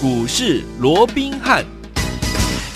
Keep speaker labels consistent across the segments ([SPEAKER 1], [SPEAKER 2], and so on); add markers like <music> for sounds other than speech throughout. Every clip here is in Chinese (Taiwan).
[SPEAKER 1] 股市羅賓漢。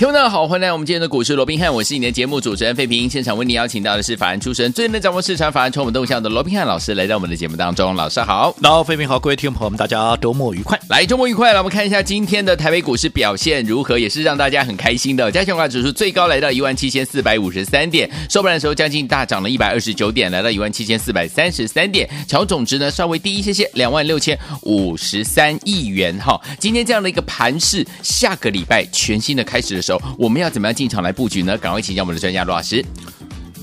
[SPEAKER 1] 聽眾們好，歡迎來到我們今天的股市羅賓漢，我是你的節目主持人費平。現場為你邀請到的是法案出身、最能掌握市場法案從我們動向的羅賓漢老師，來到我們的節目當中。老師好，那費平好，各位聽眾朋友們，大家周末愉快！來，周末愉快了。來我們看一下今天的台北股市表現如何，也是讓大家很開心的。加權股價指數最高來到一萬七千四百五十三點，收盤的時候將近大漲了一百二十九點，來到一萬七千四百三十三點。總值呢稍微低一些些，兩萬六千五十三億元哈。今天這樣的一個盤勢，下個禮拜全新的開始的時候。我們要怎麼樣進場來布局呢？趕快請教我們的專家羅老師。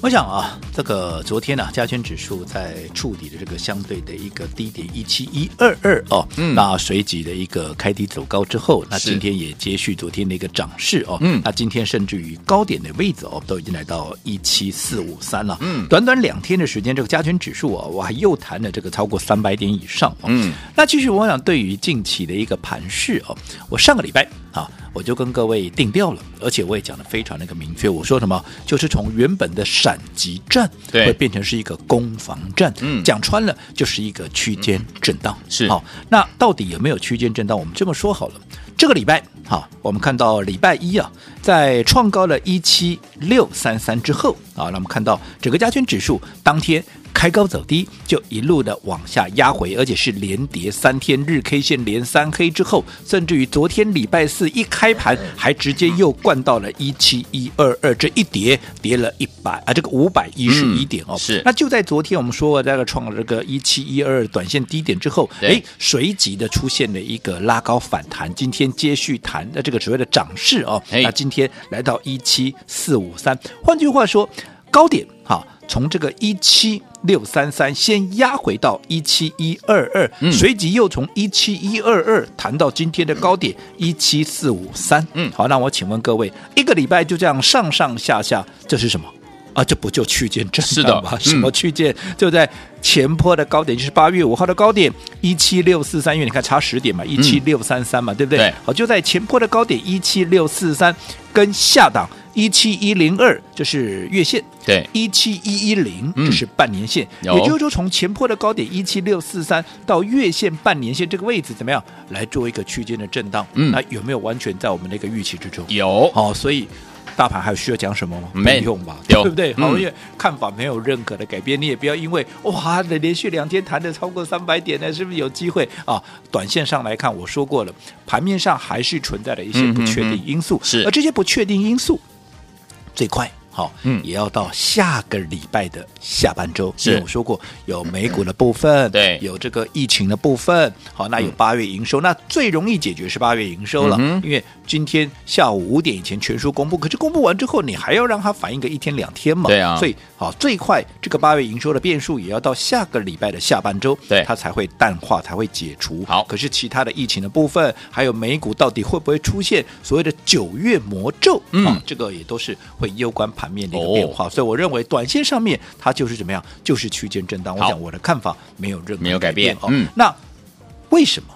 [SPEAKER 2] 我想啊，這個昨天呢、啊，加權指數在觸底的這個相對的一個低點一七一二二哦，嗯，那隨即的一個開低走高之後，那今天也接續昨天的一個漲勢哦，嗯，那今天甚至於高點的位置哦，都已經來到一七四五三了，嗯，短短兩天的時間，這個加權指數啊、哦，哇，又彈了這個超過三百點以上、哦，嗯，那其實我想，對於近期的一個盤勢哦，我上個禮拜啊。我就跟各位定調了，而且我也講的非常那個明確。我說什麼，就是從原本的閃擊戰對，會變成是一個攻防戰、嗯，講穿了就是一個區間震盪、嗯、是。好，那到底有沒有區間震盪？我們這麼說好了，這個禮拜好，我們看到禮拜一啊，在創高了一七六三三之後啊，那我們看到整個加權指數當天。開高走低，就一路的往下壓回，而且是連跌三天日 K 線連三黑之後，甚至於昨天禮拜四一開盤還直接又摜到了一七一二二，這一跌跌了一百啊，這個五百一十一點哦、嗯。是。那就在昨天我們說在、這個創了這個一七一二二短線低點之後，誒，隨即的出現了一個拉高反彈，今天接續彈，那這個所謂的漲勢哦，那今天來到一七四五三，換句話說，高點哈，從這個一七。六三三先壓回到一七一二二，嗯，隨即又從一七一二二彈到今天的高點一七四五三。嗯，好，那我請問各位，一個禮拜就這樣上上下下，這是什麼？啊，這不就區間震盪嗎？嗯？什麼區間？就在前波的高點，就是八月五號的高點一七六四三，因為你看差十點嘛，一七六三三嘛，嗯，對不對？對？好，就在前波的高點一七六四三，跟下檔一七一零二就是月線，對，一七一一零就是半年線，嗯，也就是說從前波的高點一七六四三到月線半年線這個位置怎麼樣來做一個區間的震盪？嗯，那有沒有完全在我們那個預期之中？有，好，所以。大盤還有需要講什麼嗎？沒用吧，對不對？好、嗯，因為看法沒有任何的改變，你也不要因為哇，連續兩天彈的超過三百點，那是不是有機會啊？短線上來看，我說過了，盤面上還是存在了一些不確定因素，嗯嗯嗯，是。而這些不確定因素最快。嗯，也要到下個禮拜的下半周。是我說過有美股的部分，對，有這個疫情的部分。好，那有八月營收、嗯，那最容易解決是八月營收了、嗯，因為今天下午五點以前全數公布，可是公布完之後，你還要讓它反應個一天兩天嘛？對啊。所以好，最快這個八月營收的變數也要到下個禮拜的下半周，對，它才會淡化，才會解除。好，可是其他的疫情的部分，還有美股到底會不會出現所謂的九月魔咒？嗯、哦，這個也都是會攸關盤。面的一個變化，哦、所以我認為短線上面它就是怎麼樣，就是區間震盪。好，我講，我的看法沒有任何改變。改變嗯、哦，那為什麼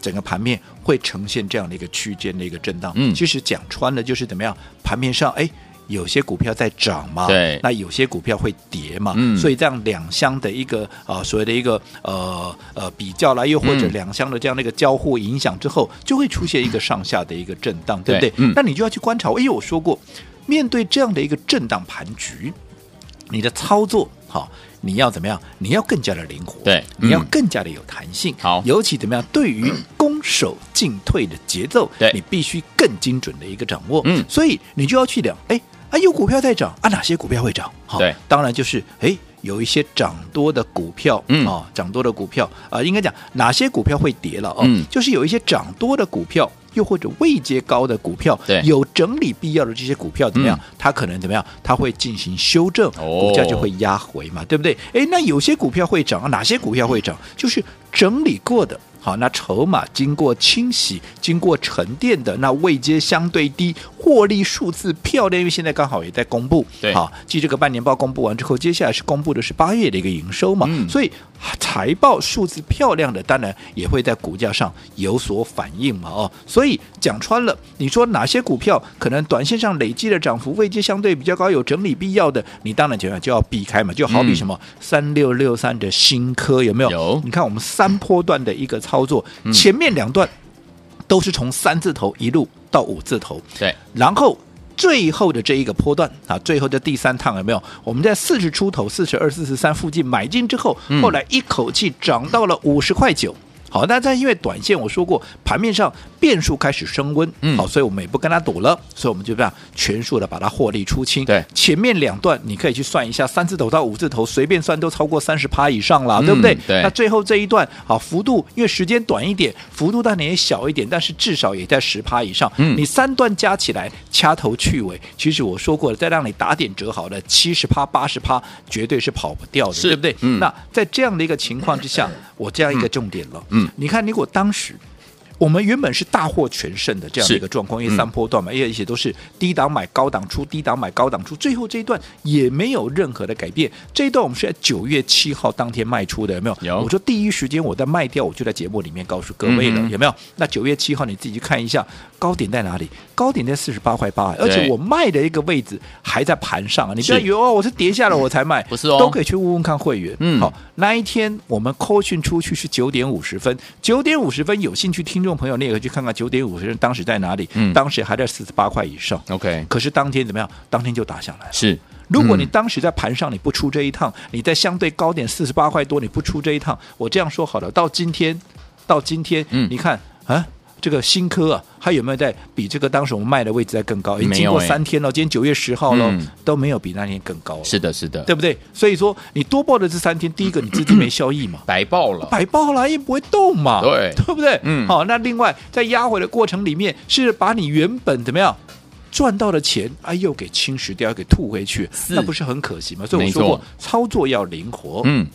[SPEAKER 2] 整個盤面會呈現這樣的一個區間的一個震盪？嗯，其實講穿了就是怎麼樣，盤面上哎，有些股票在漲嘛，對，那有些股票會跌嘛，嗯，所以這樣兩相的一個呃所謂的一個呃呃比較啦，又或者兩相的這樣的一個交互影響之後，就會出現一個上下的一個震盪，嗯、對不對？嗯、那你就要去觀察，因、哎、為我說過。面對這樣的一個震盪盤局，你的操作好、哦，你要怎麼樣？你要更加的靈活，對、嗯，你要更加的有彈性。好，尤其怎麼樣？對於攻守進退的節奏，對，你必須更精準的一個掌握。嗯，所以你就要去聊，哎，哎、啊，有股票在漲，啊，哪些股票會漲？好、哦，當然就是，哎，有一些漲多的股票，嗯、哦、啊，漲多的股票啊、呃，應該講哪些股票會跌了、哦、嗯，就是有一些漲多的股票。又或者位階高的股票對，有整理必要的這些股票怎麼樣、嗯？它可能怎麼樣？它會進行修正，股價就會壓回嘛、哦，對不對？誒，那有些股票會漲，哪些股票會漲？就是整理過的，好，那籌碼經過清洗、經過沉澱的，那位階相對低。獲利數字漂亮，因為現在剛好也在公布。對，好，繼這個半年報公布完之後，接下來是公布的是八月的一個營收嘛，嗯、所以財報數字漂亮的，當然也會在股價上有所反應嘛。哦，所以講穿了，你說哪些股票可能短線上累積的漲幅位階相對比較高，有整理必要的，你當然就要就要避開嘛。就好比什麼三六六三的新科有沒有？有。你看我們三波段的一個操作，嗯、前面兩段。都是從三字頭一路到五字頭，對，然後最後的這一個波段啊，最後的第三趟有沒有？我們在四十出頭、四十二、四十三附近買進之後，後來一口氣漲到了五十塊九。嗯嗯好，那在因為短線我說過，盤面上變數開始升溫，嗯，好，所以我們也不跟他賭了，所以我們就這樣全數的把它獲利出清。對，前面兩段你可以去算一下，三字頭到五字頭隨便算都超過三十趴以上了，嗯，對不對？對。那最後這一段，啊，幅度因為時間短一點，幅度當然也小一點，但是至少也在十趴以上。嗯。你三段加起來掐頭去尾，其實我說過了，再讓你打點折好的七十趴八十趴絕對是跑不掉的，對不對？嗯。那在這樣的一個情況之下，嗯，我這樣一個重點了。嗯，嗯嗯，你看你，給我當時。我們原本是大獲全勝的這樣的一個狀況，因為三波段嘛，因為一些都是低檔買，高檔出，低檔買，高檔出，最後這一段也沒有任何的改變。這一段我們是在九月七號當天賣出的，有沒有？有。我說第一時間我在賣掉，我就在節目裡面告訴各位了，嗯、有沒有？那九月七號你自己去看一下，高點在哪裡？高點在四十八塊八，而且我賣的一個位置還在盤上啊！你不要以為、哦、我是跌下來我才賣，不是哦，都可以去問問看會員。嗯，好，那一天我們 call 訊出去是九點五十分，九點五十分有興趣聽。聽眾朋友，你也可以去看看九點五十當時在哪裡，嗯、當時還在四十八塊以上。OK，可是當天怎麼樣？當天就打下來了。是，嗯，如果你當時在盤上，你不出這一趟，你在相對高點四十八塊多，你不出這一趟。我這樣說好了，到今天，到今天，嗯、你看啊。這個新科啊，還有沒有在比這個當時我們賣的位置在更高？沒有、欸。經過三天了，今天九月十號了、嗯，都沒有比那天更高。是的，是的，對不對？所以說你多報的這三天，第一個你自己沒效益嘛、嗯嗯，白報了，白報了，也不會動嘛，對，對不對？嗯。好，那另外在壓回的過程裡面，是把你原本怎麼樣賺到的錢，哎、啊，又給侵蝕掉，又給吐回去，那不是很可惜嗎？所以我說過，操作要靈活。嗯。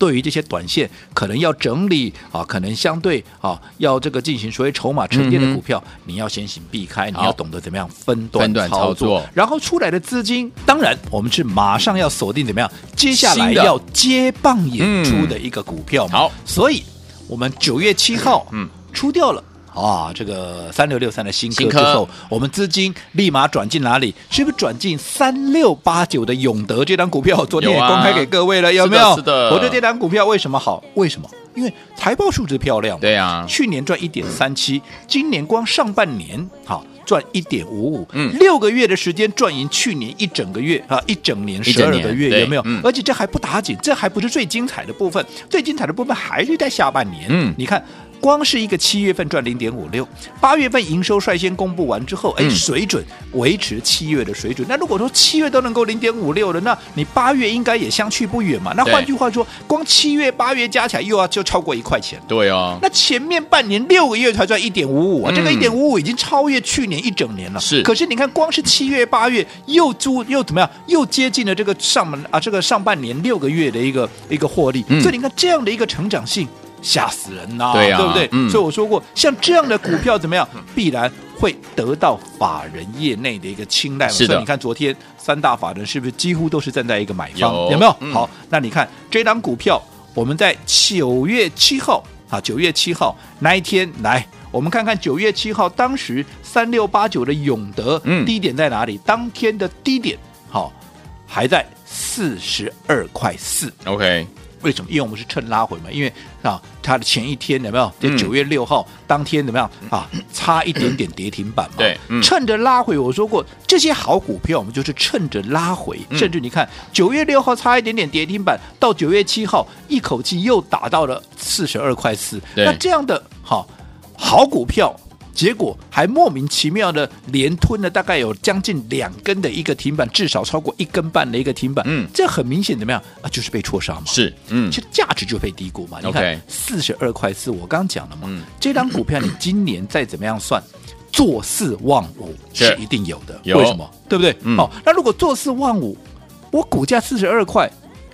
[SPEAKER 2] 對於這些短線，可能要整理啊，可能相對啊要這個進行所謂籌碼沉澱的股票，嗯，你要先行避開，你要懂得怎麼樣分，分段操作，然後出來的資金，當然我們是馬上要鎖定怎麼樣，接下來要接棒演出的一個股票嘛。好，嗯，所以我們九月七號嗯出掉了。啊、哦，這個三六六三的新科之後新科，我們資金立馬轉進哪裡？是不是轉進三六八九的永德這張股票？昨天也公開給各位了，有、啊、有沒有？是的，是的我覺得這張股票為什麼好？為什麼？因為財報數值漂亮。對啊，去年賺一點三七，今年光上半年好、哦、賺一點五五，六個月的時間賺贏去年一整個月啊，一整年十二個月，有沒有、嗯？而且這還不打緊，這還不是最精彩的部分，最精彩的部分還是在下半年。嗯，你看。光是一個七月份賺零點五六，八月份營收率先公布完之後，哎，水準維持七月的水準。嗯、那如果說七月都能夠零點五六了，那你八月應該也相去不遠嘛？那換句話說，光七月八月加起來又要、啊、就超過一塊錢。對啊、哦，那前面半年六個月才賺一點五五啊、嗯，這個一點五五已經超越去年一整年了。是，可是你看，光是七月八月又租又怎麼樣，又接近了這個上門啊，這個上半年六個月的一個一個獲利、嗯。所以你看這樣的一個成長性。嚇死人吶、哦啊，對不對、嗯？所以我說過，像這樣的股票怎麼樣，必然會得到法人業內的一個青睞。是的，所以你看昨天三大法人是不是幾乎都是站在一個買方？有，有沒有、嗯？好，那你看這檔股票，我們在九月七號啊，九月七號那一天來，我們看看九月七號當時三六八九的永德、嗯，低點在哪裡？當天的低點好、哦、還在四十二塊四。OK。為什麼？因為我們是趁拉回嘛，因為啊，它的前一天有沒有？在九月六號、嗯、當天怎麼樣啊？差一點點跌停板嘛。嗯、對、嗯，趁着拉回，我說過這些好股票，我們就是趁着拉回。嗯、甚至你看，九月六號差一點點跌停板，到九月七號一口氣又打到了四十二塊四。那這樣的好、啊、好股票。結果還莫名其妙的連吞了大概有將近兩根的一個停板，至少超過一根半的一個停板。嗯，這很明顯怎麼樣？啊、就是被錯殺嘛。是，嗯，這價值就被低估嘛。Okay. 你看四十二塊四，我剛,剛講了嘛。嗯、這張股票你今年再怎麼樣算，嗯、做四萬五是一定有的。有，為什麼？對不對、嗯？哦，那如果做四萬五，我股價四十二塊，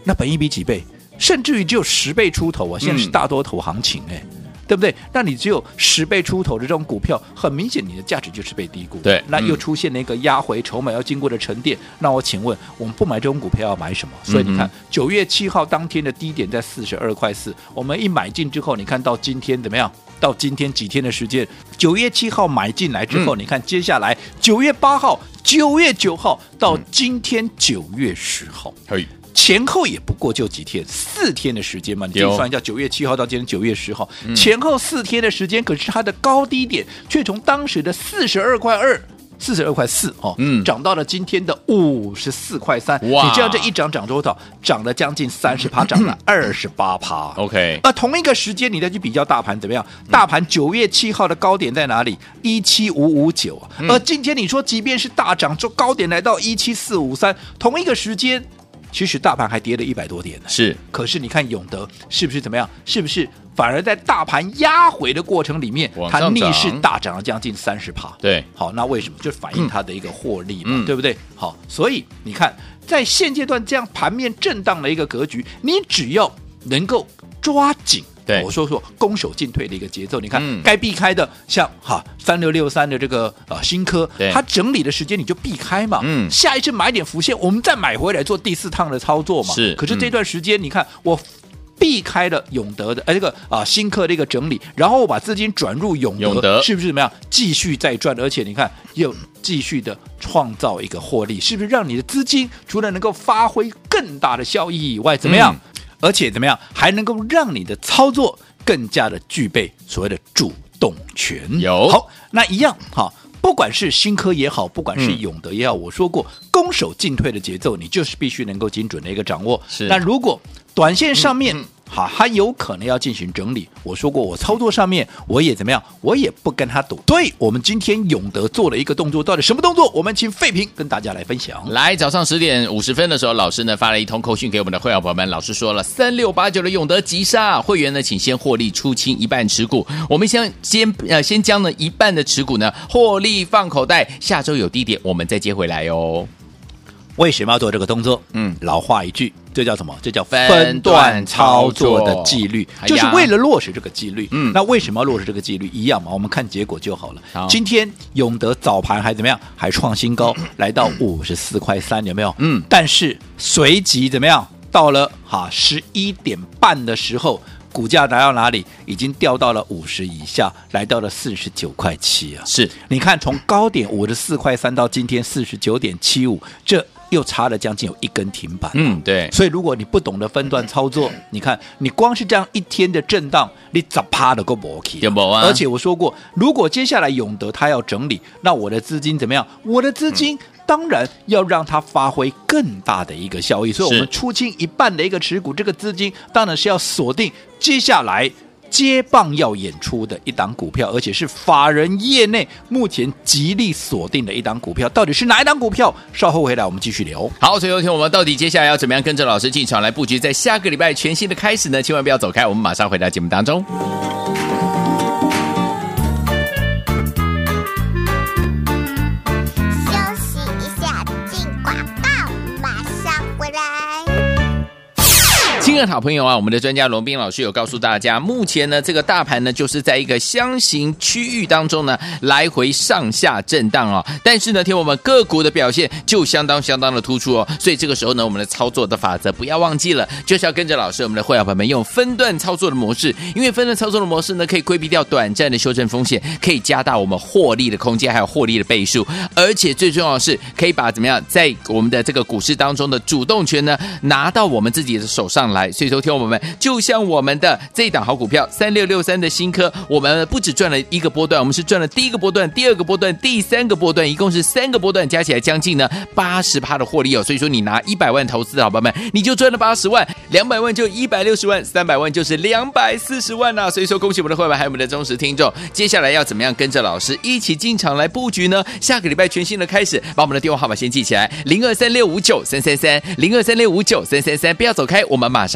[SPEAKER 2] 那本益比幾倍？甚至於只有十倍出頭啊！現在是大多頭行情哎、欸。對不對？那你只有十倍出頭的這種股票，很明顯你的價值就是被低估。對，嗯、那又出現了一個壓回籌碼要經過的沉澱。那我請問，我們不買這種股票要買什麼？所以你看，九、嗯嗯、月七號當天的低點在四十二塊四，我們一買進之後，你看到今天怎麼樣？到今天幾天的時間，九月七號買進來之後，嗯、你看接下來九月八號。九月九號到今天九月十號，前後也不過就幾天，四天的時間嘛，你計算一下，九月七號到今天九月十號，前後四天的時間，可是它的高低點卻從當時的四十二塊二。四十二塊四哦、嗯，漲到了今天的五十四塊三。哇！你知道這一漲漲多少？漲了將近三十趴，漲了二十八趴。OK。而同一個時間，你再去比較大盤怎麼樣？大盤九月七號的高點在哪裡？一七五五九。而今天你說，即便是大漲，就高點來到一七四五三。同一個時間，其實大盤還跌了一百多點呢。是。可是你看永德是不是怎麼樣？是不是？反而在大盤壓回的過程裡面，它逆勢大漲了將近三十%。對，好，那為什麼？就反映它的一個獲利嘛、嗯，對不對？好，所以你看，在現階段這樣盤面震盪的一個格局，你只要能夠抓緊，對我說說攻守進退的一個節奏。你看，嗯、該避開的，像哈三六六三的這個呃新科，它整理的時間你就避開嘛。嗯，下一次買一點浮現，我們再買回來做第四趟的操作嘛。是，可是這段時間、嗯、你看我。避開了永德的，哎、呃，這個啊新科的一個整理，然後我把資金轉入永德，永德是不是怎麼樣繼續再賺？而且你看又繼續的創造一個獲利，是不是讓你的資金除了能夠發揮更大的效益以外，怎麼樣？嗯、而且怎麼樣還能夠讓你的操作更加的具備所謂的主動權？有好，那一樣哈，不管是新科也好，不管是永德也好，嗯、我說過攻守進退的節奏，你就是必須能夠精準的一個掌握。是，但如果短線上面。嗯嗯好，還有可能要進行整理。我說過，我操作上面我也怎麼樣，我也不跟他賭。對，我們今天永德做了一個動作，到底什麼動作？我們請費平跟大家來分享。
[SPEAKER 1] 來，早上十點五十分的時候，老師呢發了一通口訊給我們的會員朋友們，老師說了，三六八九的永德急殺，會員呢請先獲利出清一半持股。我們先先呃先將呢一半的持股呢獲利放口
[SPEAKER 2] 袋，下周有低點我們再接回來喲、哦。為什麼要做這個動作？嗯，老話一句，這叫什麼？這叫分段操作的紀律，就是為了落實這個紀律。嗯、哎，那為什麼要落實這個紀律？一樣嘛，我們看結果就好了。好，今天永德早盤還怎麼樣？還創新高，嗯、來到五十四塊三、嗯，有沒有？嗯，但是隨即怎麼樣？到了哈十一點半的時候，股價來到哪裡？已經掉到了五十以下，來到了四十九塊七啊！是你看，從高點五十四塊三到今天四十九點七五，這。又插了將近有一根停板。嗯，對。所以如果你不懂得分段操作，你看，你光是這樣一天的震盪，你咋趴得過不去。而且我說過，如果接下來永德它要整理，那我的資金怎麼樣？我的資金當然要讓它發揮更大的一個效益。嗯、所以，我們出清一半的一個持股，這個資金當然是要鎖定接下來。接棒要演出的一檔股票，而且是法人業內目前極力鎖定的一檔股票，到底是哪一檔股票？稍後回來我們繼續聊。好，所以今天我們
[SPEAKER 1] 到底接下來要怎麼樣跟着老師進場來布局，在下個禮拜全新的開始呢？千萬不要走開，我們馬上回到節目當中。嗯各位好朋友啊，我們的專家羅斌老師有告訴大家，目前呢這個大盤呢就是在一個箱形區域當中呢來回上下震盪哦。但是呢，聽我們個股的表現就相當相當的突出哦。所以這個時候呢，我們的操作的法則不要忘記了，就是要跟着老師，我們的會員朋友們用分段操作的模式。因為分段操作的模式呢，可以規避掉短暫的修正風險，可以加大我們獲利的空間，還有獲利的倍數。而且最重要的是，可以把怎麼樣在我們的這個股市當中的主動權呢拿到我們自己的手上來。所以說，聽我們，就像我們的這一檔好股票三六六三的新科，我們不止賺了一個波段，我們是賺了第一個波段、第二個波段、第三個波段，一共是三個波段加起來將近呢八十趴的獲利哦。所以說，你拿一百萬投資的夥伴們，你就賺了八十萬，兩百萬就一百六十萬，三百萬就是兩百四十萬吶、啊。所以說，恭喜我們的會員，還有我們的忠實聽眾。接下來要怎麼樣跟着老師一起進場來布局呢？下個禮拜全新的開始，把我們的電話號碼先記起來：零二三六五九三三三，零二三六五九三三三。不要走開，我們馬上。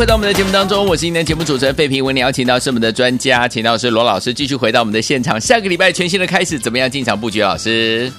[SPEAKER 1] 回到我們的節目當中，我是今天節目主持人費平。為你邀請到是我們的專家，請到是羅老師。繼續回到我們的現場，下個
[SPEAKER 2] 禮拜全新的開始，怎麼樣進場布局？老師，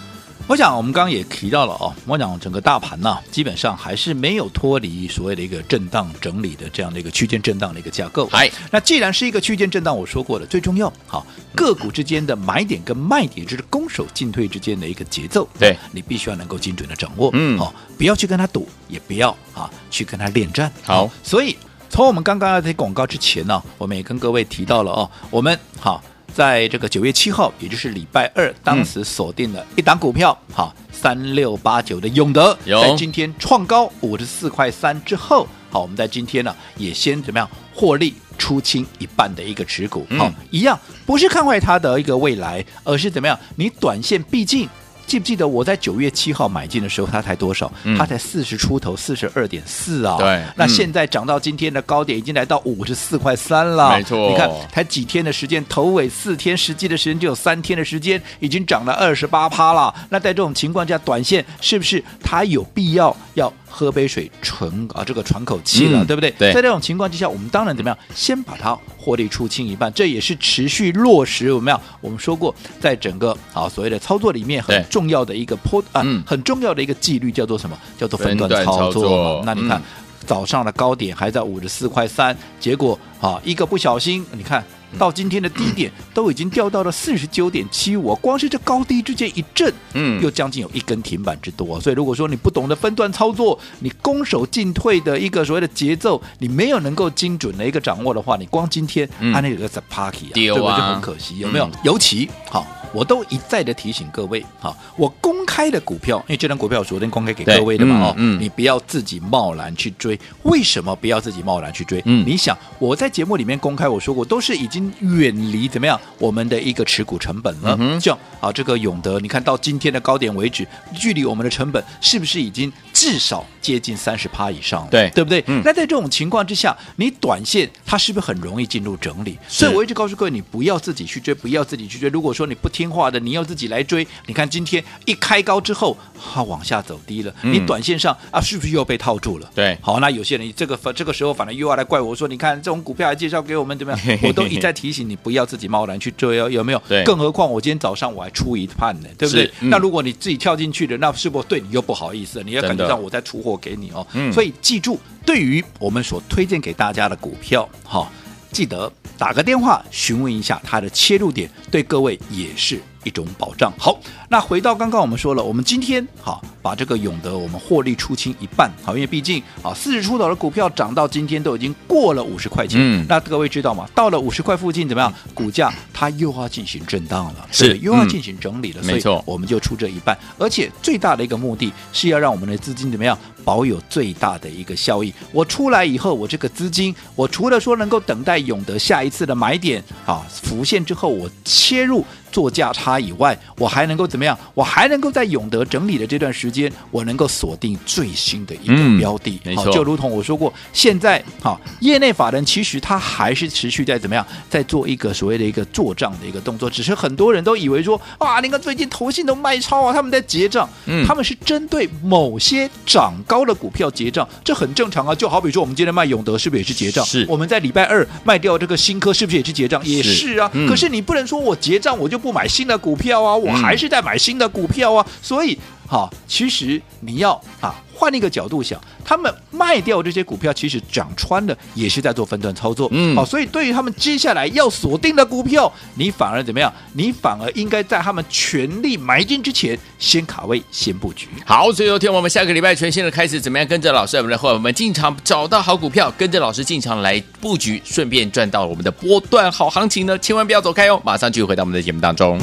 [SPEAKER 2] 我想我們剛剛也提到了哦，我想整個大盤呢、啊，基本上還是沒有脫離所謂的一個震盪整理的這樣的一個區間震盪的一個架構。哎，那既然是一個區間震盪，我說過了，最重要，好個股之間的買點跟賣點，就是攻守進退之間的一個節奏。對，你必須要能夠精準的掌握，嗯，好、哦，不要去跟他賭，也不要啊去跟他戀戰。好，嗯、所以。從我們剛剛那些廣告之前呢、啊，我們也跟各位提到了哦、啊，我們好在這個九月七號，也就是禮拜二，當時鎖定了一檔股票，嗯、好三六八九的永德，在今天創高五十四塊三之後，好我們在今天呢、啊、也先怎麼樣獲利出清一半的一個持股，嗯、好一樣不是看壞它的一個未來，而是怎麼樣你短線畢竟。記不記得我在九月七號買進的時候，它才多少？嗯、它才四十出頭，四十二點四啊。對、嗯，那現在漲到今天的高點，已經來到五十四塊三了。沒錯，你看才幾天的時間，頭尾四天，實際的時間就有三天的時間，已經漲了二十八趴了。那在這種情況下，短線是不是它有必要要？喝杯水純，純啊，這個喘口氣了，嗯，對不對，對？在這種情況之下，我們當然怎麼樣，先把它獲利出清一半，這也是持續落實怎麼樣？我們說過，在整個啊所謂的操作裡面很重要的一個坡啊，嗯，很重要的一個紀律叫做什麼？叫做分段操作。操作嗯，那你看，早上的高點還在五十四塊三，結果啊，一個不小心，你看。到今天的低點、嗯、都已經掉到了四十九點七五，光是這高低之間一震，嗯，又將近有一根停板之多、啊。所以如果說你不懂得分段操作，你攻守進退的一個所謂的節奏，你沒有能夠精準的一個掌握的話，你光今天安、嗯啊、那有個 sparky，、啊、對吧、啊？就很可惜，有沒有？嗯、尤其好，我都一再的提醒各位好，我公開的股票，因為這張股票我昨天公開給各位的嘛，哦，嗯，你不要自己貿然去追。為什麼不要自己貿然去追？嗯，你想我在節目裡面公開我說過，都是已經。遠離怎麼樣？我們的一個持股成本了，像、嗯、啊，這個永德，你看到今天的高點為止，距離我們的成本是不是已經至少接近三十趴以上了？對，對不對、嗯？那在這種情況之下，你短線它是不是很容易進入整理？所以我一直告訴各位，你不要自己去追，不要自己去追。如果說你不聽話的，你要自己來追，你看今天一開高之後，它、啊、往下走低了，嗯、你短線上啊，是不是又被套住了？對，好，那有些人這個這個時候反而又要來怪我，我說，你看這種股票還介紹給我們怎麼樣？我都一再。 <laughs> 提醒你不要自己貿然去追哦，有沒有？對，更何況我今天早上我還出一判呢，對不對、嗯？那如果你自己跳進去的，那是不是對你又不好意思？你也感覺到我在出貨給你哦、嗯。所以記住，對於我們所推薦給大家的股票，哈，記得打個電話詢問一下它的切入點，對各位也是。一種保障。好，那回到剛剛我們說了，我們今天好把這個永德我們獲利出清一半，好，因為畢竟啊四十出頭的股票漲到今天都已經過了五十塊錢。嗯。那各位知道嗎？到了五十塊附近怎麼樣？股價它又要進行震盪了，對，是又要進行整理了。沒、嗯、錯，所以我們就出這一半，而且最大的一個目的是要讓我們的資金怎麼樣？保有最大的一個效益。我出來以後，我這個資金，我除了說能夠等待永德下一次的買點啊浮現之後，我切入做價差以外，我還能夠怎麼樣？我還能夠在永德整理的這段時間，我能夠鎖定最新的一個標的。嗯啊、沒錯，就如同我說過，現在啊，業內法人其實他還是持續在怎麼樣，在做一個所謂的一個做賬的一個動作，只是很多人都以為說啊，你看最近投信都賣超啊，他們在結賬、嗯，他們是針對某些漲。高的股票結賬，這很正常啊。就好比說，我們今天賣永德，是不是也是結賬？是。我們在禮拜二賣掉這個新科，是不是也是結賬？也是啊，是、嗯。可是你不能說我結賬我就不買新的股票啊，我還是在買新的股票啊。嗯、所以。好，其實你要啊換一個角度想，他們賣掉這些股票，其實講穿了也是在做分段操作。嗯，好、哦，所以對於他們接下來要鎖定的股票，你反而怎麼樣？你反而應該在他們全力買進之前，先卡位，先布局。好，最後一天我們下
[SPEAKER 1] 個禮拜全新的開始，怎麼樣？跟着老師，後我們的和我們進場找到好股票，跟着老師進場來布局，順便賺到我們的波段好行情呢？千萬不要走開哦，馬上就回到我們的節目當中。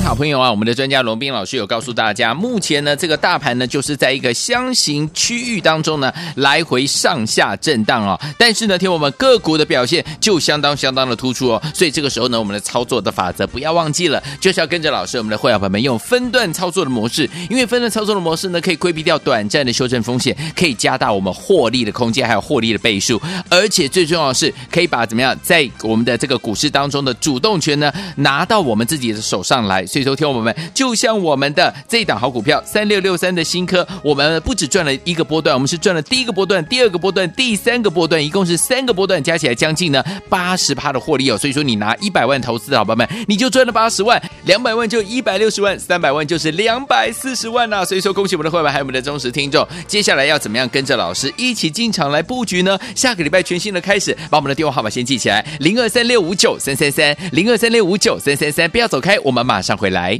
[SPEAKER 1] 好朋友啊，我們的專家龍斌老師有告訴大家，目前呢這個大盤呢就是在一個箱形區域當中呢來回上下震盪哦。但是呢，聽我們個股的表現就相當相當的突出哦。所以這個時候呢，我們的操作的法則不要忘記了，就是要跟着老師，我們的會員朋友們用分段操作的模式，因為分段操作的模式呢，可以規避掉短暫的修正風險，可以加大我們獲利的空間，還有獲利的倍數，而且最重要的是可以把怎麼樣在我們的這個股市當中的主動權呢拿到我們自己的手上來。所以，說，聽我們就像我們的這一檔好股票三六六三的新科，我們不只賺了一個波段，我們是賺了第一個波段、第二個波段、第三個波段，一共是三個波段加起來將近呢八十趴的獲利哦。所以說，你拿一百萬投資的夥伴們，你就賺了八十萬，兩百萬就一百六十萬，三百萬就是兩百四十萬吶、啊。所以說，恭喜我們的會員還有我們的忠實聽眾。接下來要怎麼樣跟着老師一起進場來佈局呢？下個禮拜全新的開始，把我們的電話號碼先記起來：零二三六五九三三三，零二三六五九三三三。不要走開，我們馬上。回來。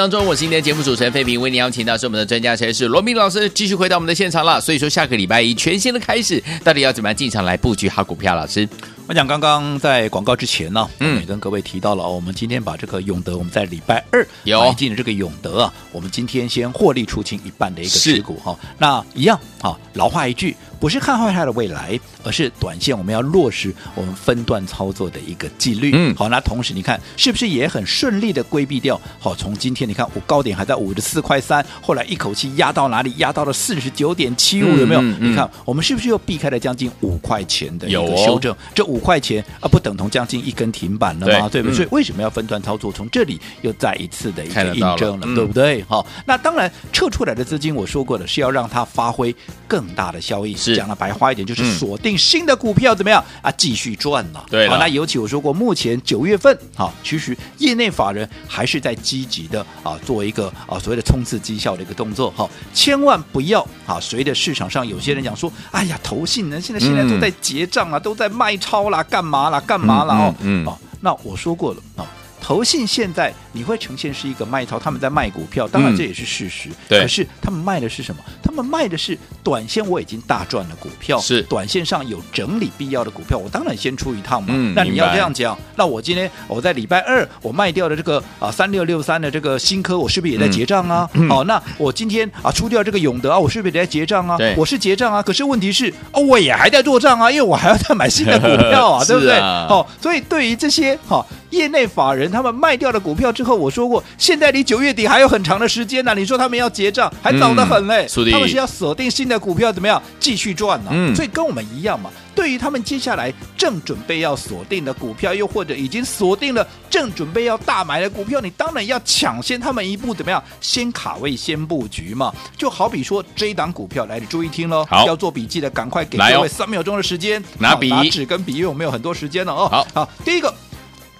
[SPEAKER 1] 當中，我是今天的節目主持人費平， <noise> 為你邀請到是我們的專家才是羅明老師，繼續回到我們的現場了。所以說，下個禮拜一全新的開始，
[SPEAKER 2] 到底要怎麼樣進場來佈局好股票？老師，我想剛剛在廣告之前呢、啊，嗯，也跟各位提到了，我們今天把這個永德，我們在禮拜二有進的這個永德啊，我們今天先獲利出清一半的一個持股哈、哦，那一樣啊，老、哦、話一句。不是看壞它的未來，而是短線我們要落實我們分段操作的一個紀律。嗯，好，那同時你看是不是也很順利的規避掉？好，從今天你看我高點還在五十四塊三，後來一口氣壓到哪裡？壓到了四十九點七五，有沒有？嗯嗯、你看我們是不是又避開了將近五塊錢的一個修正？哦、這五塊錢啊，不等同將近一根停板了嗎？對，對不對、嗯？所以為什麼要分段操作？從這裡又再一次的一個印證了、嗯，對不對？好，那當然撤出來的資金，我說過了，是要讓它發揮更大的效益。是。講了白話一點，就是鎖定新的股票怎麼樣、嗯、啊？繼續賺了。對了，好、啊，那尤其我說過，目前九月份哈、啊，其實業內法人還是在積極的啊，做一個啊所謂的衝刺績效的一個動作哈、啊。千萬不要啊，隨着市場上有些人講說，哎呀，投信呢現在現在都在結賬了、嗯，都在賣超啦，幹嘛啦，幹嘛啦。哦。嗯，嗯啊，那我說過了啊，投信現在你會呈現是一個賣超，他們在賣股票，當然這也是事實。嗯、對，可是他們賣的是什麼？他們賣的是。短線我已經大賺了股票，是短線上有整理必要的股票，我當然先出一趟嘛。嗯、那你要這樣講，那我今天我在禮拜二我賣掉的這個啊三六六三的這個新科，我是不是也在結賬啊？嗯嗯、哦，那我今天啊出掉這個永德啊，我是不是也在結賬啊？對我是結賬啊，可是問題是哦，我也還在做賬啊，因為我還要再買新的股票啊，對不對？好、哦，所以對於這些哈、哦、業內法人他們賣掉的股票之後，我說過，現在離九月底還有很長的時間呢、啊，你說他們要結賬還早得很嘞，嗯、他們是要鎖定新。那股票怎麼樣繼續賺呢、啊嗯？所以跟我們一樣嘛。對於他們接下來正準備要鎖定的股票，又或者已經鎖定了正準備要大買的股票，你當然要搶先他們一步，怎麼樣？先卡位，先布局嘛。就好比說這一檔股票，來，你注意聽嘍，要做筆記的趕快給各位三秒鐘的時間，哦、拿筆、拿紙跟筆，因為我們有很多時間了哦。好，好，第一個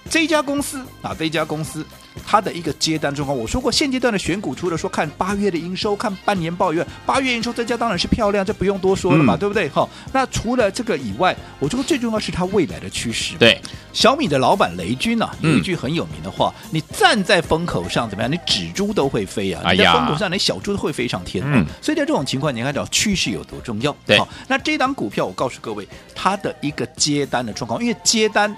[SPEAKER 2] 這家公司啊，這家公司。它的一個接單狀況，我說過，現階段的選股除了說看八月的營收，看半年報以外，八月營收這家當然是漂亮，這不用多說了嘛，嗯、對不對？好、哦，那除了這個以外，我覺得最重要是它未來的趨勢。對，小米的老闆雷軍呢、啊、有一句很有名的話，嗯、你站在風口上怎麼樣？你只豬都會飛啊！哎、你在風口上，你小豬都會飛上天。嗯，所以在這種情況，你看到趨勢有多重要？對，哦、那這檔股票，我告訴各位，它的一個接單的狀況，因為接單。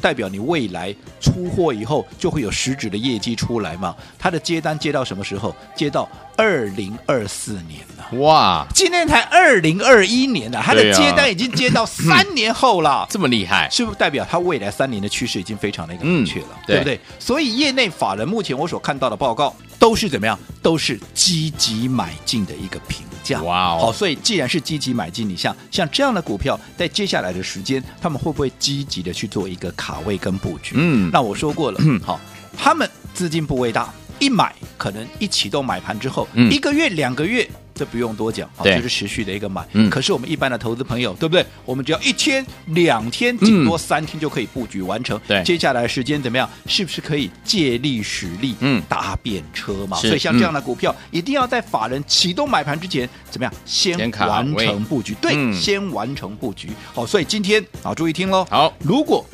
[SPEAKER 2] 代表你未來出貨以後就會有實質的業績出來嘛？他的接單接到什麼時候？接到二零二四年了。哇，今天才二零二一年了、啊，他的接單已經接到三年後了。這麼厲害，是不是代表他未來三年的趨勢已經非常的一個明確了？對不對？所以業內法人目前我所看到的報告都是怎麼樣？都是積極買進的一個評價。哇哦，好，所以既然是積極買進，你像像這樣的股票，在接下來的時間，他們會不會積極的去做一個卡位跟布局？嗯，那我說過了，嗯，好，他們資金部位大，一買可能一啟動買盤之後，嗯，一個月兩個月。這不用多講啊、哦，就是持續的一個買、嗯。可是我們一般的投資朋友，對不對？我們只要一天、兩天，頂多三天就可以布局完成。對、嗯，接下來時間怎麼樣？是不是可以借力使力？嗯，搭便車嘛。所以像這樣的股票、嗯，一定要在法人啟動買盤之前怎麼樣？先完成布局。對、嗯，先完成布局。好、哦，所以今天好、哦、注意聽嘍。好，如果。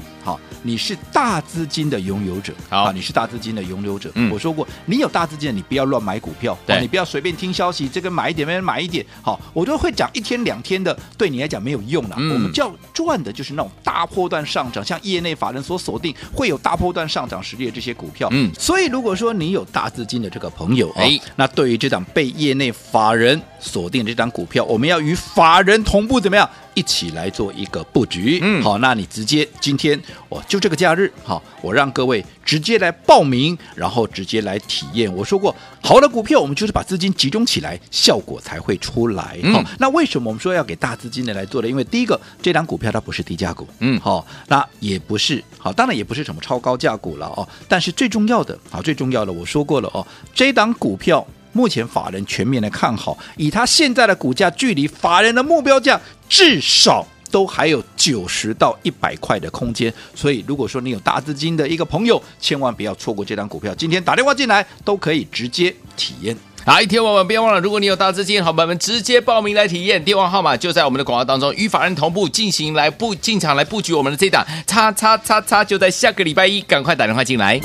[SPEAKER 2] 你是大資金的擁有者好啊！你是大資金的擁有者、嗯。我說過，你有大資金的，你不要亂買股票，哦、你不要隨便聽消息，這個買一點，那邊買一點。好、哦，我就會講一天兩天的，對你來講沒有用了、嗯、我們就要賺的就是那種大波段上漲，像業內法人所鎖定會有大波段上漲實力的這些股票。嗯，所以如果說你有大資金的這個朋友誒、欸哦，那對於這張被業內法人鎖定的這張股票，我們要與法人同步，怎麼樣？一起來做一個布局，嗯，好、哦，那你直接今天我、哦、就這個假日，好、哦，我讓各位直接來報名，然後直接來體驗。我說過，好的股票，我們就是把資金集中起來，效果才會出來。好、嗯哦，那為什麼我們說要給大資金的來做呢？因為第一個，這檔股票它不是低價股，嗯，好、哦，那也不是，好、哦，當然也不是什麼超高價股了哦。但是最重要的，好、哦，最重要的，我說過了哦，這檔股票。目前法人全面的看好，以他現在的股價，距離法人的目標價至少都還有九十到一百塊的空間。所以，如果說你有大資金的一個朋友，千萬不要錯過這張股票。今天打電話進來都可以直接體驗。
[SPEAKER 1] 來，天王們別忘了，如果你有大資金，好朋友們直接報名來體驗。電話號碼就在我們的廣告當中，與法人同步進行來布進場來布局我們的這檔叉叉叉叉、叉，就在下個禮拜一，趕快打電話進來。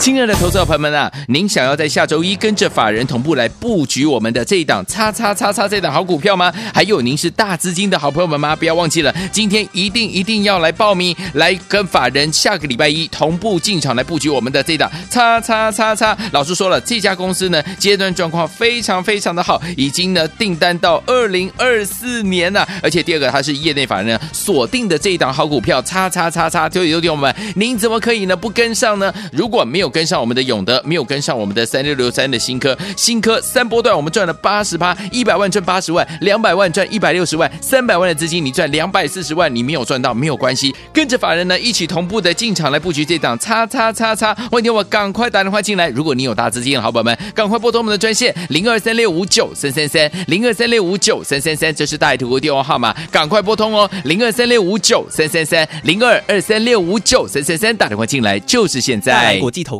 [SPEAKER 1] 親愛的投資者朋友們啊，您想要在下周一跟着法人同步來布局我們的這一檔叉叉叉叉這檔好股票嗎？還有您是大資金的好朋友們嗎？不要忘記了，今天一定一定要來報名，來跟法人下個禮拜一同步進場來布局我們的這檔叉叉叉叉。老師說了，這家公司呢階段狀況非常非常的好，已經呢訂單到二零二四年了，而且第二個它是業內法人鎖定的這一檔好股票叉叉叉叉。丟起丟，起，我們您怎麼可以呢不跟上呢？如果沒有。跟上我們的永德，沒有跟上我們的三六六三的科新科新科三波段，我們賺了八十八一百萬賺八十萬，兩百萬賺一百六十萬，三百萬的資金你賺兩百四十萬，你沒有賺到沒有關係，跟着法人呢一起同步的進場來布局這檔，叉叉叉，叉叉叉叉。問題我趕快打電話進來，如果你有大資金的好寶寶們，趕快撥通我們的專線零二三六五九三三三零二三六五九三三三，這是大來投顧的電話號碼，趕快撥通哦，零二三六五九三三三零二二三六五九三三三，打電話進來就是現在，國際投。